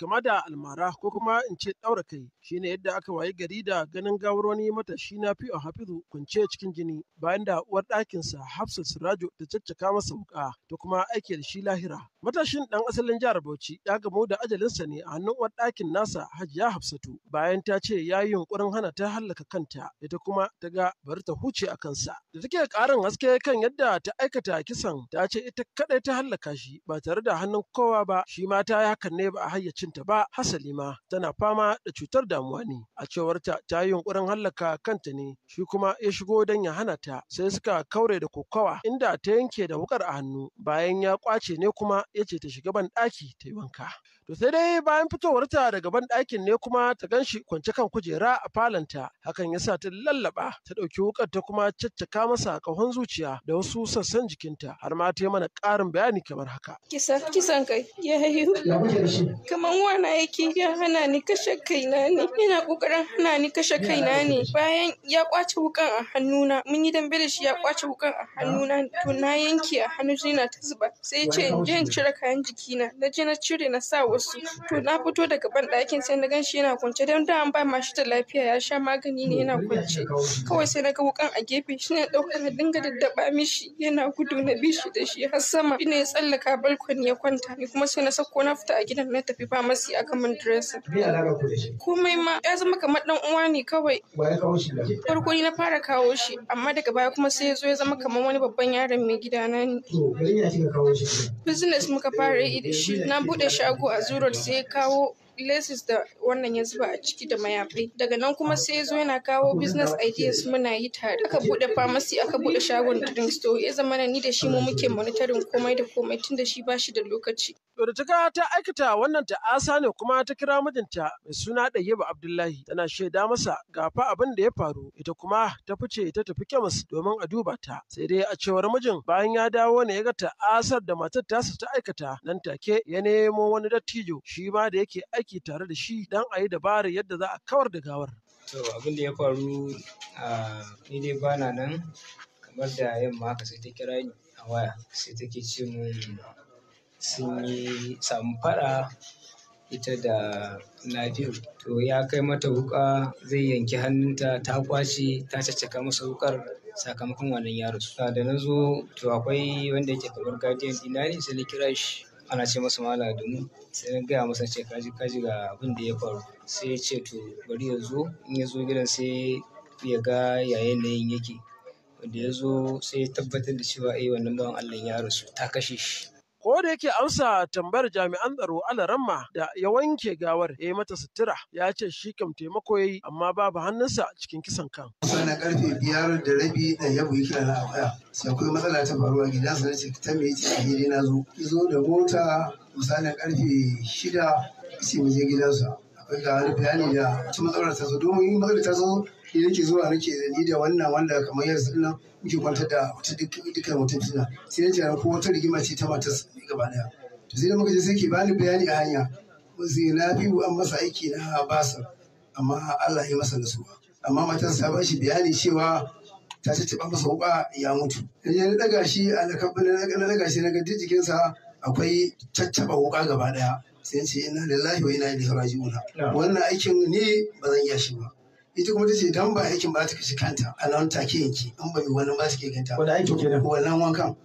kama da almara ko kuma in ce ɗaura kai shine yadda aka wayi gari da ganin gawar wani matashi na fi'o hafizu kwance cikin jini bayan da uwar ɗakinsa hafsat sirajo ta caccaka masa wuƙa ta kuma aike da shi lahira Matashin ɗan asalin jihar Bauchi ya gamu da ajalinsa ne a hannun wani ɗakin nasa Hajiya Hafsatu bayan ta ce ya yi yunƙurin hana ta hallaka kanta ita kuma ta ga bari ta huce a kansa. Da take ƙarin haske kan yadda ta aikata kisan ta ce ita kaɗai ta hallaka shi ba tare da hannun kowa ba shi ma ta yi hakan ne ba a hayyacinta ba hasali ma tana fama da cutar damuwa ne. A cewar ta ta yi yunƙurin hallaka kanta ne shi kuma ya shigo don ya hana ta sai suka kaure da kokawa inda ta yanke da wukar a hannu bayan ya kwace ne kuma ya ce ta shiga banɗaki ta yi wanka. To sai dai bayan fitowarta daga ban ɗakin ne kuma ta ganshi kwance kan kujera a falanta, hakan ya sa ta lallaba, ta ɗauki wukar ta kuma caccaka masa ƙahon zuciya da wasu sassan jikinta, har ma ta yi mana ƙarin bayani kamar haka. Kisa, kisan kai, ya hayu. Kamar wana yake ya hana ni kashe kaina ne, yana ƙoƙarin hana ni kashe kaina ne. Bayan ya ƙwace wukan a hannuna, mun yi dambe da shi ya ƙwace wukan a hannuna, to na yanke a hannu na ta zuba. Sai ya ce, je cire kayan jikina, na je na cire na sa wasu. wasu to na fito daga banɗakin sai na gan shi yana kwance don da an ba ma shi da lafiya ya sha magani ne yana kwance kawai sai na ga wukan a gefe shi ne ɗauka na dinga daddaba mishi yana gudu na bi shi da shi har sama shi ne ya tsallaka balkon ya kwanta ni kuma sai na sako na fita a gidan na tafi famasi a kaman dressa komai ma ya zama kamar dan uwa ne kawai farko ni na fara kawo shi amma daga baya kuma sai ya zo ya zama kamar wani babban yaron mai gidana ne business muka fara yi da shi na buɗe shago a a zurar sai kawo lesis da wannan ya zuba a ciki da mayafai daga nan kuma sai ya zo yana kawo business ideas muna yi tare aka bude pharmacy aka bude shagon drink store ya zama ni da shi mu muke monitoring komai da komai tun da shi bashi da lokaci. Dorotika ta aikata wannan ta'asa ne kuma ta kira mijinta mai suna Ɗayyaba Abdullahi tana shaida masa ga fa abin da ya faru ita kuma ta fice ta tafi kemis domin a duba ta sai dai a cewar mijin bayan ya dawo ne ya ga ta'asar da matar tasa ta aikata nan take ya nemo wani dattijo shi ma da yake aiki tare da shi don a yi dabarar yadda za a kawar da gawar. to abin da ya faru a ni dai bana nan kamar da yamma haka sai ta kira ni a waya sai take ce mun sun yi samu fada ita da nafiu to ya kai mata wuka zai yanki hannunta ta kwashe ta caccaka masa wukar sakamakon wannan yaro da na zo to akwai wanda yake kamar guardian ina ne sai na kira shi ana ce masa mala adamu sai na gaya masa ce kaji kaji ga abin da ya faru sai ya ce to bari ya zo in ya zo gidan sai ya ga ya yin yake da ya zo sai ya tabbatar da cewa eh wannan bawan Allah ya rasu ta kashe shi ko da yake amsa tambayar jami'an tsaro alaramma da ya wanke gawar ya yi mata sutura ya ce shi kam taimako ya yi amma babu hannunsa cikin kisan kan. Sana karfe biyar da rabi da ya buyi kiran a waya sai akwai matsala ta faruwa gidansa na ce ta me yace a na zo. Zo da mota misalin karfe shida ce mu je gidansa. Akwai ga wani bayani da ta matsalar ta zo domin matsalar ta zo shi nake zuwa nake ni da wannan wanda kamar yanzu nan muke kwantar da wata dukkan wata fitina sai nace ko wata rigima ce ta matar ne gaba daya to sai da muka je sai ke bani bayani a hanya sai na an masa aiki na habasa amma Allah ya masa nasuwa amma matar sa ba shi bayani cewa ta ce ba masa wuka ya mutu idan na daga shi a na daga shi na ga sa akwai caccaba wuka gaba daya sai ce ina lillahi wa ina ilaihi raji'un wannan aikin ni ba zan iya shi ba ita kuma tace idan ba aikin ba ta kashi kanta a nan take yanki in ba mai wannan ba su ke ganta wani aikin kenan wannan wankan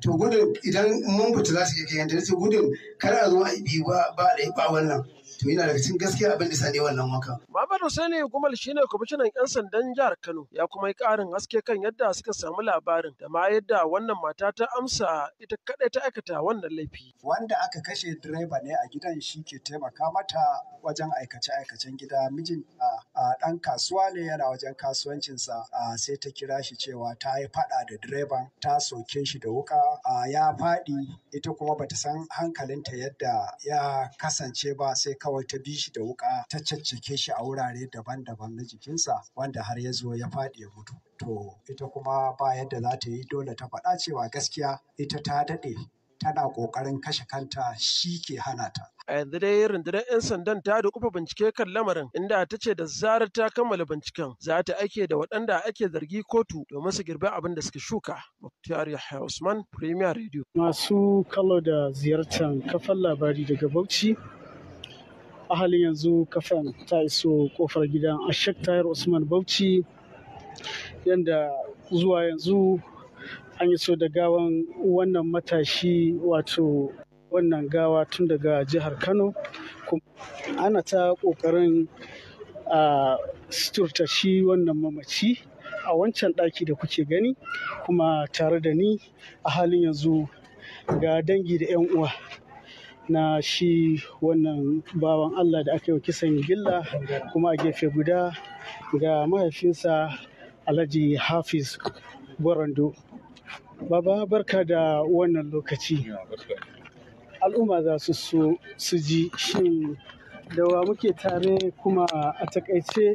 to gudun idan mun fita za su ke ganta tace gudun kar a zo a bi ba ba wannan to na daga cikin gaskiya abin da ne wannan waka. Babar Hussaini Gumal ne kwamishinan 'yan sandan jihar Kano ya kuma yi ƙarin haske kan yadda suka samu labarin da ma yadda wannan mata ta amsa ita kaɗai ta aikata wannan laifi. Wanda aka kashe direba ne a gidan shi ke taimaka mata wajen aikace-aikacen gida mijin a ɗan kasuwa ne yana wajen kasuwancinsa sai ta kira shi cewa ta yi faɗa da direban ta soke shi da wuka ya faɗi ita kuma bata san hankalinta yadda ya kasance ba sai kawai ta bi shi da wuka ta caccake shi a wurare daban-daban na jikinsa wanda har ya zo ya faɗi ya mutu. To ita kuma ba yadda za ta yi dole ta faɗa cewa gaskiya ita ta daɗe tana ƙoƙarin kashe kanta shi ke hana ta. A yanzu dai rundunar 'yan sandan ta dukufa bincike kan lamarin inda ta ce da zarar ta kammala binciken za ta aike da waɗanda ake zargi kotu domin su girbe abin da suka shuka. Muktar Yahya Usman, Premier Radio. Masu kalo da ziyartar kafan labari daga Bauchi a halin yanzu kafin ta iso kofar gidan ashek tayar usman bauchi yadda zuwa yanzu an iso da gawan wannan matashi wato wannan gawa tun daga jihar kano kuma ana ta kokarin a suturta shi wannan mamaci a wancan daki da kuke gani kuma tare da ni a halin yanzu ga dangi da 'yan uwa na shi wannan bawan Allah da aka yi kisan gilla kuma a gefe guda ga mahaifinsa Alhaji Hafiz Gwarando. Baba barka da wannan lokaci. Al'umma za su so su ji shin dawa muke tare kuma a takaice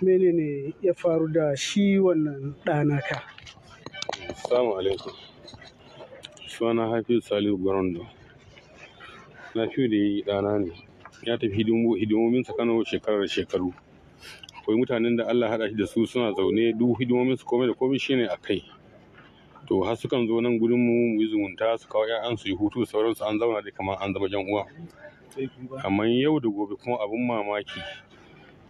menene ya faru da shi wannan ɗanaka. Assalamu alaikum. Suna Hafiz Salihu borondo Lafiyu da yi ɗana ne. Ya tafi hidimominsa Kano shekarar shekaru. Akwai mutanen da Allah haɗa shi da su suna zaune duk hidimominsu komai da komai shine a kai. To har sukan zo nan gurin mu yi zumunta su kawo 'ya'yan su yi hutu sauransu an zauna dai kamar an zama jan uwa. Amma yau da gobe kuma abun mamaki.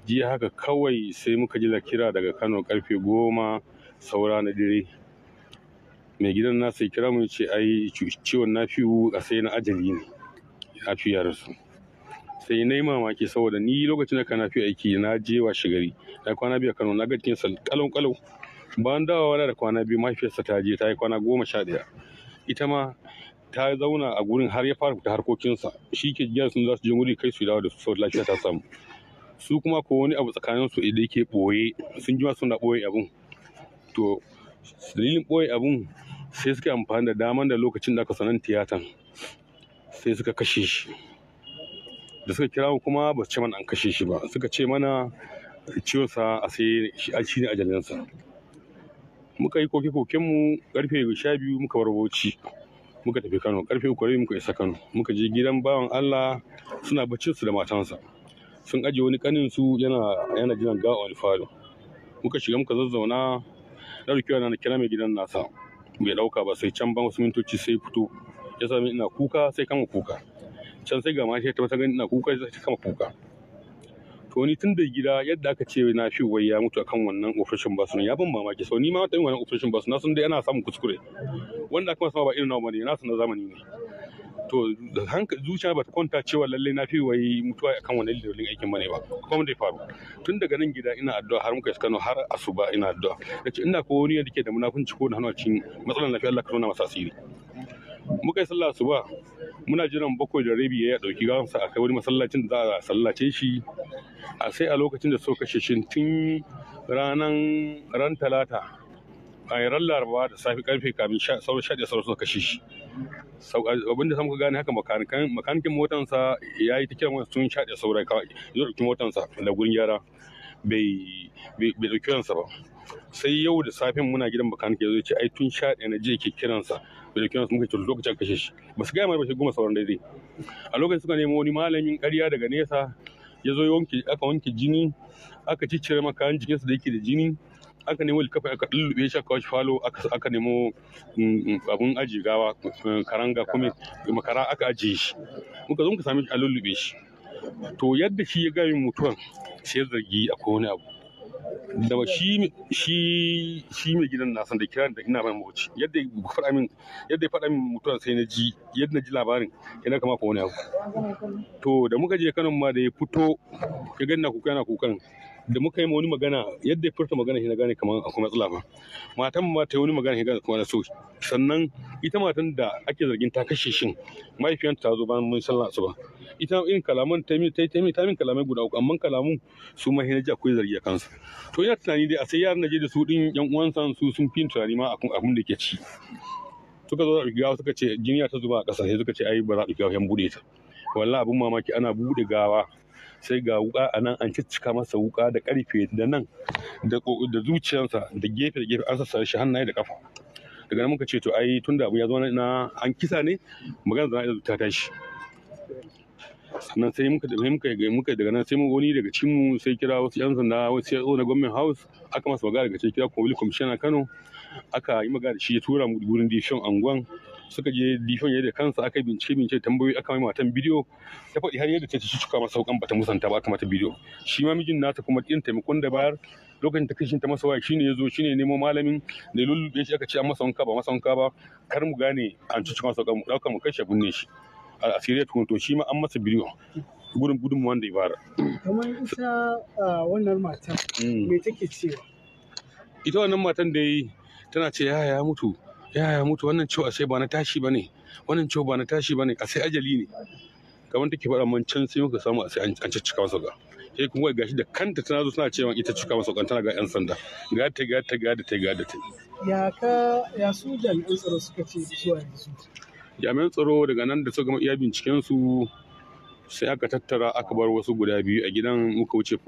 Jiya haka kawai sai muka ji kira daga Kano karfe goma saura na dire. mai gidan nasa kira mu ya ce ai ciwon na fiwu a sai na ajali ne lafiyarsu sai na yi mamaki saboda ni lokacin da ka na fi aiki na je wa shigari da kwana biyu a kano na ga sa kalon. kalau bayan dawowa da kwana biyu mahaifiyarsa ta je ta yi kwana goma sha ɗaya ita ma ta zauna a gurin har ya fara fita harkokinsa shi ke jiya sun za su je wuri kai su dawo da su saboda lafiya ta samu su kuma ko wani abu tsakanin su idan yake ɓoye sun jima suna ɓoye abun to dalilin ɓoye abun sai suke amfani da daman da lokacin da aka sanan tiyatan sai suka kashe shi da suka kira mu kuma ba su ce mana an kashe shi ba suka ce mana ciwonsa a sai shi ne ajalinsa muka yi koke-kokenmu karfe sha biyu muka bar bauchi muka tafi kano karfe uku muka isa kano muka je gidan bawan allah suna bacci su da matansa sun ajiye wani kanin su yana yana jiran gawa wani falo muka shiga muka zazzauna ɗauki na kira mai gidan nasa bai ɗauka ba sai can ba wasu mintoci sai fito ya sami ina kuka sai kama kuka can sai ga mashi ta masa gani ina kuka sai kama kuka to ni tun da gida yadda aka ce na shi wai ya mutu akan wannan operation basun ya ban mamaki so ni ma ta wannan operation basun na sun dai ana samun kuskure wanda kuma sama ba irin nawa bane na sun na zamani ne to da hankali zuciya ba ta kwanta cewa lallai na fi wai mutuwa akan wani dalilin aikin bane ba kuma da faru tun daga nan gida ina addu'a har muka iskano har asuba ina addu'a nace ina ko wani da ke da munafunci ko da hannu cikin matsalar lafiya Allah ka nuna masa asiri muka yi sallah asuba muna jiran bakwai da rabi ya dauki gawansa a kai wani masallacin da za a sallace shi a sai a lokacin da suka kashe shi tun ranan ran talata a yi ran laraba da safi karfe kamin sauran shaɗe sauran suka kashe shi abinda samu ka gane haka makanikin motansa ya yi ta kiran wani sun shaɗe sauran kawai ya ɗauki motansa da gurin gyara bai ɗauki ransa ba sai yau da safin muna gidan ya zai ce ai tun shaɗe na je ke kiransa da dauke su muka ciro lokacin kashe shi ba su gaya mai ba shi goma sauran daidai a lokacin suka nemo wani malamin ƙarya daga nesa ya zo aka wanke jini aka ciccire makayan su da yake da jini aka nemo likafa aka lulluɓe shi aka shi falo aka nemo mm, mm, abun aji gawa mm, karanga kuma makara aka ajiye shi muka zo muka sami shi a lullube shi to yadda shi ya gami mutuwan sai zargi akwai wani abu da shi shi mai gidan na san da kiran da ina mai mawaci yadda ya faɗa min yadda ya sai na ji yadda na ji labarin yana kama fa wani abu to da muka je kanan ma da ya fito ya ganna kuka yana kukan da muka yi wani magana yadda ya furta magana shi na gane kamar akwai matsala ba matan ma ta yi wani magana shi gane kuma na so sannan ita matan da ake zargin ta kashe shin mahaifiyanta ta zo bayan mun sallah su ba ita in kalaman ta yi ta yi ta min kalamai guda uku amma kalamun su ma hinaji akwai zargi a kansu to ina tunani dai a sai yaran je da su din yan uwansa su sun fi tunani ma abin da ke ci suka zo da gawa suka ce jiniya ta zuba a ƙasa sai suka ce ai ba za a ɗauki gawa yan buɗe ta wallahi abin mamaki ana buɗe gawa sai ga wuka a nan an cicika masa wuka da karfe da nan da zuciyarsa da gefe da gefe an sassa shi hannaye da kafa daga nan muka ce to ai tun da abu ya zo na an kisa ne magana zana ta tashi sannan sai muka da muka muka daga nan sai mu wani daga cikin mu sai kira wasu yan sanda wasu yan na government house aka masa magana daga cikin kira kuma commissioner Kano aka yi magana da shi ya tura mu gurin division angwan suka je dishon yadda kansa aka bincike bincike tambayoyi aka mai matan bidiyo ta faɗi har yadda ta ci cuka masa hukan bata musanta ba aka mata bidiyo shi ma mijin nata kuma kin taimakon da bayar lokacin ta kashin ta masa waya shine yazo shine nemo malamin da lullu da shi aka ce an masa wanka ba masa wanka ba kar mu gane an ci cuka masa hukan mu dauka mu kashe binne shi a asiriya tukun to shi ma an masa bidiyo gudun gudun wanda ya bara kamar ita wannan matan mm. me take cewa ita wannan matan da yi tana ce ya ya mutu ya ya mutu wannan ciwo sai ba na tashi bane wannan ciwo ba na tashi bane sai ajali ne kamar take faɗa man can sai muka samu sai an cika masa ga kun kuma gashi da kanta tana zo tana cewa ita cika masa kan tana ga yan sanda ga ta ga ta ga ta ga ta ya ka ya su jami'an tsaro suka ce zuwa yanzu jami'an tsaro daga nan da suka gama iya binciken su sai aka tattara aka bar wasu guda biyu a gidan muka wuce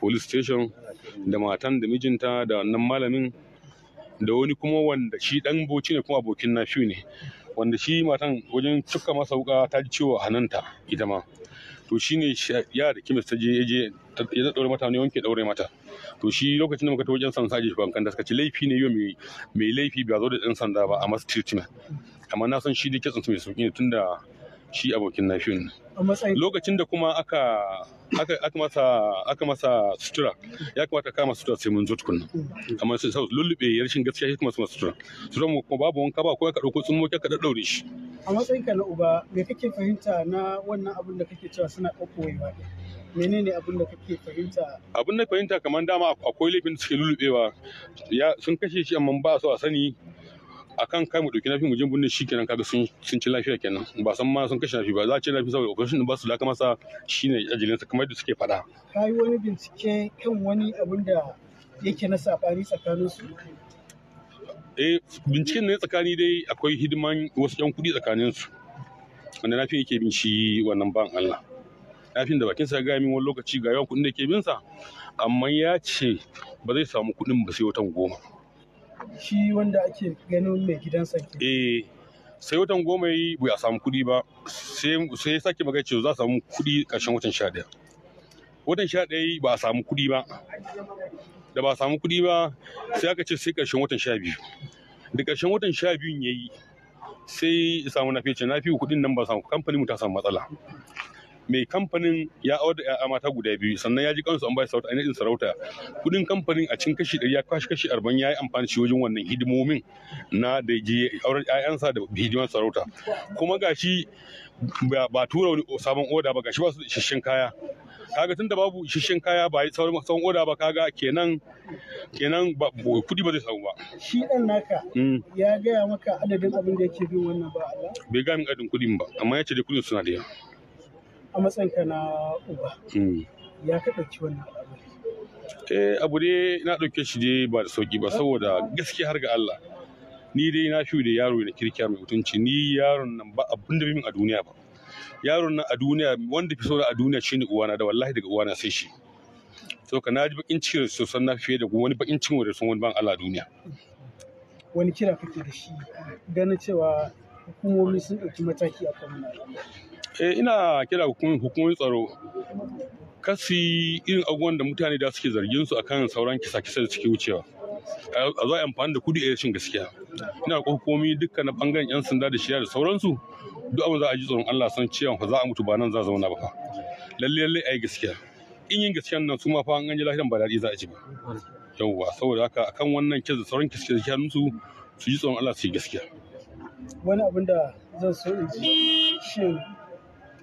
police station da matan da mijinta da wannan malamin da wani kuma wanda shi dan boci ne kuma abokin na nafiu ne wanda shi matan wajen cuka masa wuka ta ji ciwo a hannunta ita ma to ne ya da kimis ta je je ya daure mata ne wanke daure mata to shi lokacin da muka ta wajen sansa ji ban kan da suka ci laifi ne yau mai laifi ba zo da ɗan sanda ba a masu treatment amma na san shi da kitsin mai sauki ne tunda shi abokin nafin lokacin da kuma aka aka masa aka masa sutura ya kamata ka kama sutura sai mun zo tukunna mm. amma sai sau lullube ya rashin gaskiya shi kuma su sutura sutura mu kuma babu wanka ba ko ka dauko tsumo ka daddaure shi a matsayin ka na uba me kake fahimta na wannan abin da kake cewa suna ba? menene abin da kake fahimta abin da fahimta kamar dama akwai laifin da suke lullubewa sun kashe shi amma ba su a sani akan kai mu dauki nafi mu je bunne shi kenan kaga sun sun ci lafiya kenan ba san ma sun kashe nafi ba za a ce nafi saboda operation din ba su laka masa shine ajalin sa kamar da suke faɗa kai wani bincike kan wani abin da yake na safari tsakanin su eh binciken ne tsakani dai akwai hidiman wasu yan kudi tsakanin su wanda nafi yake bin shi wannan ban Allah nafin da bakin sa ga min wani lokaci ga yawan kudin da yake bin sa amma ya ce ba zai samu kudin ba sai watan goma shi wanda ake ganin mai gidansa ke eh sai watan goma yi bai a samu kuɗi ba sai sake magana cewa za a samu kuɗi ƙarshen watan sha ɗaya watan sha ɗaya ba a samu kuɗi ba da ba a samu kuɗi ba sai aka ce sai ƙarshen watan sha biyu da ƙarshen watan sha biyun ya yi sai samu na fiye na fiye kuɗin nan ba samu kamfanin mu ta samu matsala mai kamfanin ya awar da 'ya'ya mata guda biyu sannan ya ji kansu an bai a ainihin sarauta kudin kamfanin a cikin kashi ɗari ya kashi kashi arba'in ya yi amfani shi wajen wannan hidimomin na da je auren 'ya'yansa da hidiman sarauta kuma gashi ba tura wani sabon oda ba gashi ba su da isasshen kaya kaga tun da babu isasshen kaya ba sauran sauran oda ba kaga kenan kenan ba kudi ba zai samu ba shi dan naka hmm. ya gaya maka adadin abin da yake bin wannan ba Allah bai ga min adadin kudin ba amma yace dai kudin suna da yawa a matsayinka na uba hmm. ya ka ɗauki wannan al'amari eh abu ne na ɗauke shi dai ba da sauki ba saboda gaskiya har ga Allah ni dai na fi da yaro na kirkiya mai mutunci ni yaron nan ba abin da min a duniya ba yaron nan a duniya wanda fi saura a duniya shine uwana da wallahi daga uwana sai shi to ka na ji bakin cikin su san na fiye da wani bakin cikin da sun wani ban Allah duniya wani kira kake da shi ganin cewa hukumomi sun ɗauki mataki a kan Eh ina kira hukumomin tsaro kasi irin abubuwan da mutane da suke zargin su akan sauran kisa-kisa da suke wucewa. A zo amfani da kudi a yashin gaskiya. Ina hukumomi dukkan na bangaren 'yan sanda da shiya da sauransu duk abin za a ji tsoron Allah san cewa fa za a mutu ba nan za a zauna ba fa. Lalle lalle ayi gaskiya. In yin gaskiya nan su ma fa an ganje lafiyar ba daɗi za a ji ba. Yawwa saboda haka akan wannan kisa da sauran kisa-kisa su su ji tsoron Allah su yi gaskiya. Wani abin da zan so in ji shi.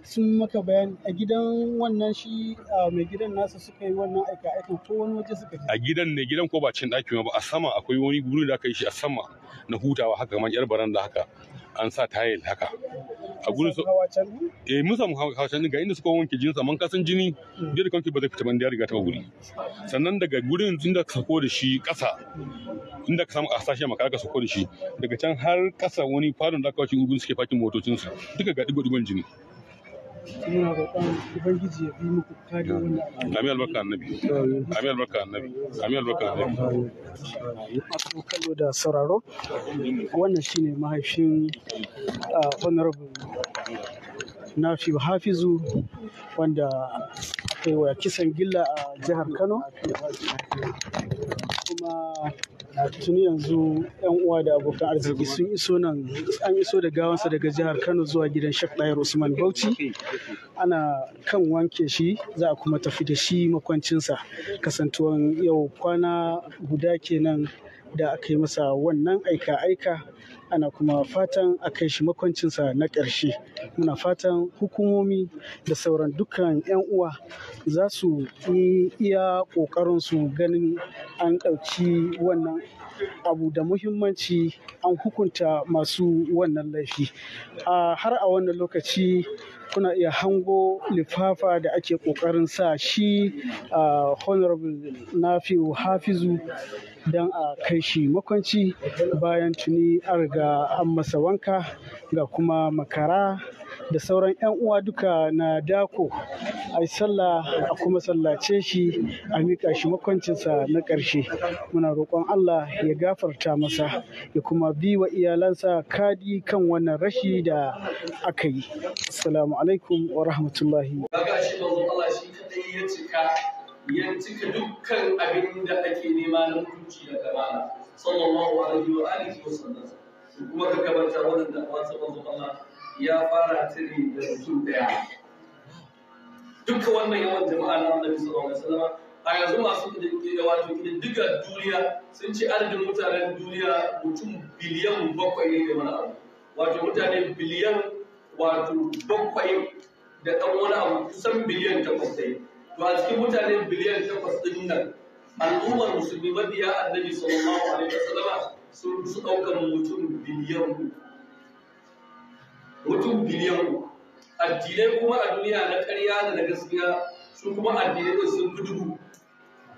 sun maka bayani a gidan wannan shi mai gidan nasa suka yi wannan aika aikan ko wani waje suka je a gidan ne gidan ko ba cin ɗakin ba a sama akwai wani guri da aka yi shi a sama na hutawa haka kamar yar baranda haka an sa tayil haka a gurin su eh mun samu hawacan ga inda suka wanke jinin sa man kasan jini hmm. da da kanki ba zai fita ban da riga ta guri sannan daga gurin inda ka sako da shi kasa inda ka samu a sashi maka ka sako da shi daga can har kasa wani farin da aka wace gurin suke fakin motocinsu duka ga digo digon jini muna roƙon ubangiji ya bi muku kare wannan amin albarka annabi albarka annabi albarka annabi a kallo da sauraro wannan shine mahaifin ah, honorable nafi hafizu wanda yawa kisan gilla a jihar kano kuma tuni yanzu yan uwa da abokan arziki sun iso nan an iso da gawansa daga jihar kano zuwa gidan shek ɗayar usman bauchi ana kan wanke shi za a kuma tafi da shi makwancinsa kasantuwan yau kwana guda kenan da aka yi masa wannan aika-aika ana kuma fatan a kai shi makwancinsa na ƙarshe muna fatan hukumomi da sauran dukkan 'yan uwa za su iya ƙoƙarin su ganin an ƙarci wannan abu da muhimmanci an hukunta masu wannan laifi har a wannan lokaci kuna iya hango lifafa da ake ƙoƙarin sa shi a honorable nafi'u hafizu don a kai shi makwanci bayan tuni a riga an masa wanka ga kuma makara da sauran 'yan uwa duka na dako a sallah a kuma sallace shi a miƙa shi makwancinsa na ƙarshe muna roƙon Allah ya gafarta masa ya kuma bi wa iyalansa kadi kan wannan rashi da aka yi assalamu alaikum wa rahmatullahi ya cika cika dukkan abin da ake nema na mutunci da kamala sallallahu alaihi wa alihi wa sallam kuma ka gabata wannan da Allah ya fara tiri da mutum daya duka wannan yawan jama'a na annabi sallallahu alaihi wasallam a yanzu masu wato diga duniya sun ce adadin mutanen duniya mutum biliyan bakwai ne mana wani abu wato mutane biliyan wato bakwai da ɗan wani abu kusan biliyan takwas ɗaya to a cikin mutane biliyan takwas ɗin nan al'ummar musulmi mabiya annabi sallallahu alaihi wasallam sun su ɗaukar mutum biliyan mutum biliyan uku addinai kuma a duniya na ƙarya da na gaskiya su kuma addinai ne sun fi dubu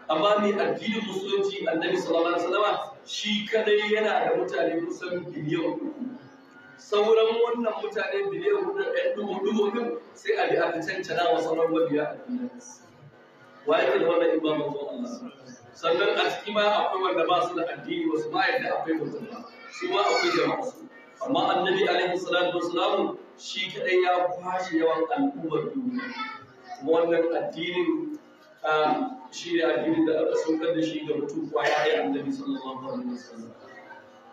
amma mai addinin musulunci annabi sallallahu alaihi wasallam shi kadai yana da mutane kusan biliyan uku sauran wannan mutane biliyan uku da ɗan dubu dubu din sai a bi a cancana wa sauran mabiya addinai wa yake da wannan imamu Allah sannan a ciki ma akwai wanda ba su da addini wasu ma yadda akwai mutum su ma akwai jama'a amma annabi alaihi salatu wasalam shi kadai ya kwashe yawan al'ummar duniya kuma wannan addinin shi ne addinin da aka saukar da shi ga mutum kwa ya yi annabi sallallahu alaihi wasallam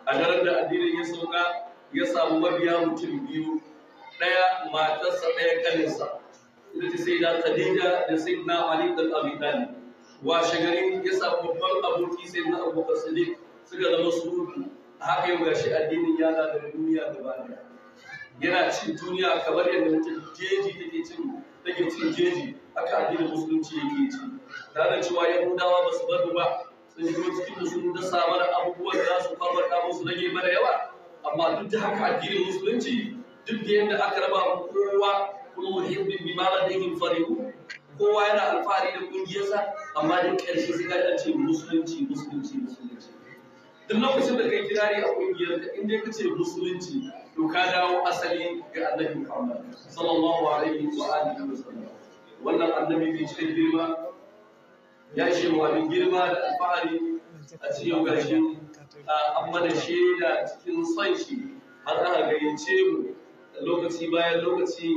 a daren da addinin ya sauka ya samu mabiya mutum biyu ɗaya matarsa ɗaya kaninsa ita ce sai da khadija da sai na ali da abi talib washe garin ya samu babban aboki sai na abubakar sadiq suka zama surutu haka yau gashi addinin ya da duniya gaba ɗaya yana cin duniya kamar yadda wutar jeji take cin take cin jeji haka addinin musulunci yake ci tare da cewa yahudawa ba su bar ba sun shigo cikin musulun da samar abubuwan da su farfata musu rage mana yawa amma duk da haka addinin musulunci duk da yadda aka raba kuma kowa kullu hibbin bima ladayhim farihu kowa yana alfahari da kungiyarsa amma duk ƙarshe sai ka ce musulunci musulunci musulunci duk lokacin da kai kirari a kungiyar ka in ka ce musulunci to ka dawo asali ga annabi Muhammad sallallahu alaihi wa alihi wa sallam wannan annabi bai cika girma ya ce wa bin girma da alfahari a cikin gashin an mana shaida cikin son shi har aka gayyace mu lokaci bayan lokaci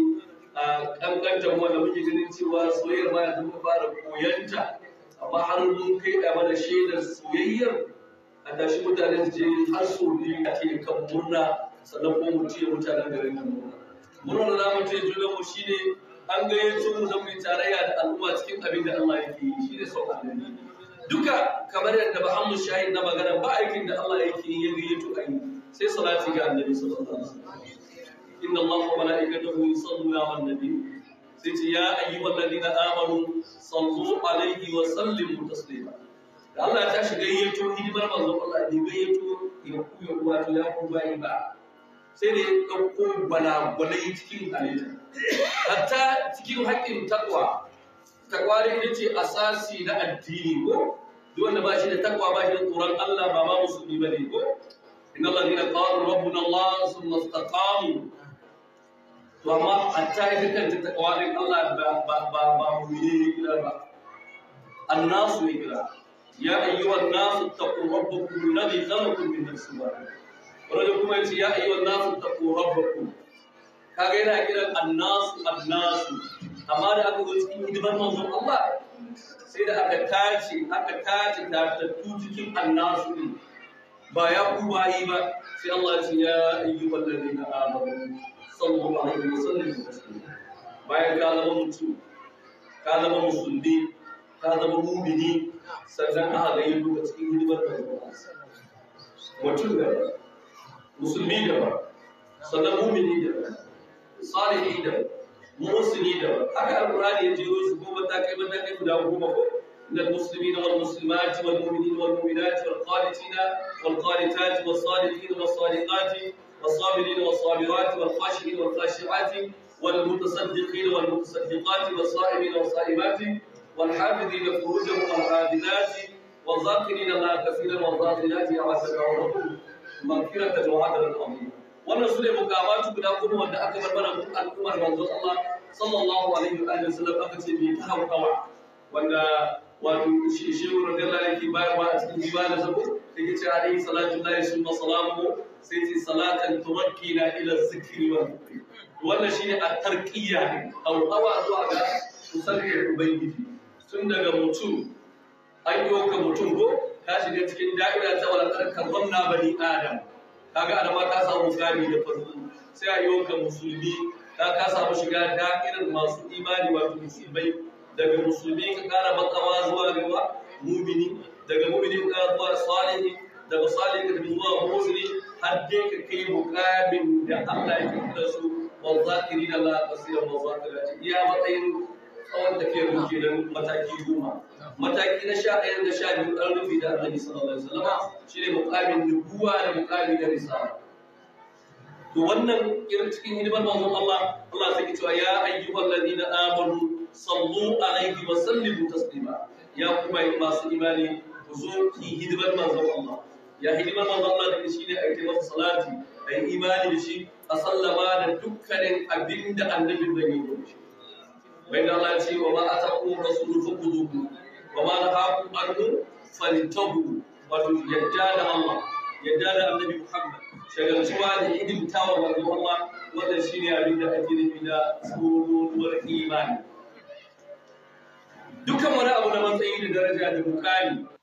a kankantar mu da muke ganin cewa soyayyar ma yanzu mun fara koyanta amma har mun kai da mana shaidar soyayyar a tashi mutanen je har so biyu ake kan murna sannan kuma mu ce mutanen garin nan murna murnar da mu ce juna mu ne an su mu zama yi tarayya da al'umma cikin abin da Allah yake yi shi shine sauka duka kamar yadda ba an mushahin na magana ba aikin da Allah yake yi ya gayyato a yi sai salati ga annabi sallallahu alaihi wasallam inna Allah wa malaikatahu yusalluna ala nabi sai ce ya ayyuhal ladina amanu sallu alaihi wa sallimu taslima da Allah ta shiga gayyato hidimar manzon Allah bai gayyato ya ku ya to ya ku bai ba sai da ya bala bala cikin halitta hatta cikin haƙƙin takwa takwa asasi na addini ko duk wanda ba shi da takwa ba shi da tsoron Allah ba ma musulmi bane ko inna allazina qalu rabbuna Allah thumma istaqamu to amma hatta kanta takwa din Allah ba ba ba mu ba annasu ya ayyuhan nasu taqu rabbakum alladhi khalaqakum min nafsin wahidah wani kuma yace ya ayyuhan nasu taqu rabbakum kaga yana kiran annasu annasu amma da aka zo cikin hidimar manzon Allah sai da aka tace aka tace tattattu cikin annasu din ba ya ku bayi ba sai Allah ya ce ya ayyuhal ladina bayan ka zama mutum ka zama ka zama mumini sannan aka ga yin lokacin hidimar da mutum da musulmi da ba sannan mumini da ba salihi da musulmi da ba haka alqur'ani ya jero su ko matakai matakai guda goma ko المسلمين والمسلمات والمؤمنين والمؤمنات والقانتين والقانتات والصادقين والصادقات والصابرين والصابرات والخاشعين والخاشعات والمتصدقين والمتصدقات والصائمين والصائمات والحافظين فروجهم والحافظات والذاكرين الله كثيرا والذاكرات أعزك ربكم مغفرة وعدلا عظيما wannan su ne mukawatu guda kuma wanda aka bar mana al'ummar manzon Allah sallallahu alaihi wa alihi wasallam aka ce ta tahawwa wanda wato shi shi radiyallahu anhu bayarwa a cikin ibada sabo sai ya ce alaihi salatu lillahi summa salamu sai ce salatan tuwakkila ila zikri wa wannan shine at-tarqiyya aw zuwa ga usalli ubangiji tun daga mutum an ɗauka mutum ko ka shiga cikin da'ira ta walatar karɓar na bani adam ga adama ka samu gami da farko sai a ɗauka musulmi ta ka samu shiga da'irar masu imani wato musulmai daga musulmi ka ƙara matsawa zuwa gaba mumini daga mumini ka ƙara zuwa salihi daga salihi ka zuwa musulmi har dai ka kai muƙamin da Allah ya kira su wa zakirina Allah da wa zakirati iya matsayin tsawon tafiyar mu kenan mataki goma mataki na sha ɗaya da sha biyu an rufe da annabi sallallahu alaihi wasallam shine muqamin nubuwa da muqami da risala to wannan irin cikin hidimar manzon Allah Allah sai ya ce ya ayyuhal ladina amanu sallu alaihi wa sallimu taslima ya kuma yi masu imani ku zo ki hidimar manzon Allah ya hidimar manzon Allah da shi ne a yi masa salati a yi imani da shi a sallama da dukkanin abinda annabin da ya yi shi wai da Allah ya ce wa ma ataku rasulu faquduhu wa ma nahaku anhu fantahu wato yadda da Allah yadda da annabi Muhammad shagaltuwa da hidimtawa manzo Allah wannan shine abin da ake nufi da tsoron imani dukkan wani abu na matsayi da daraja da mukami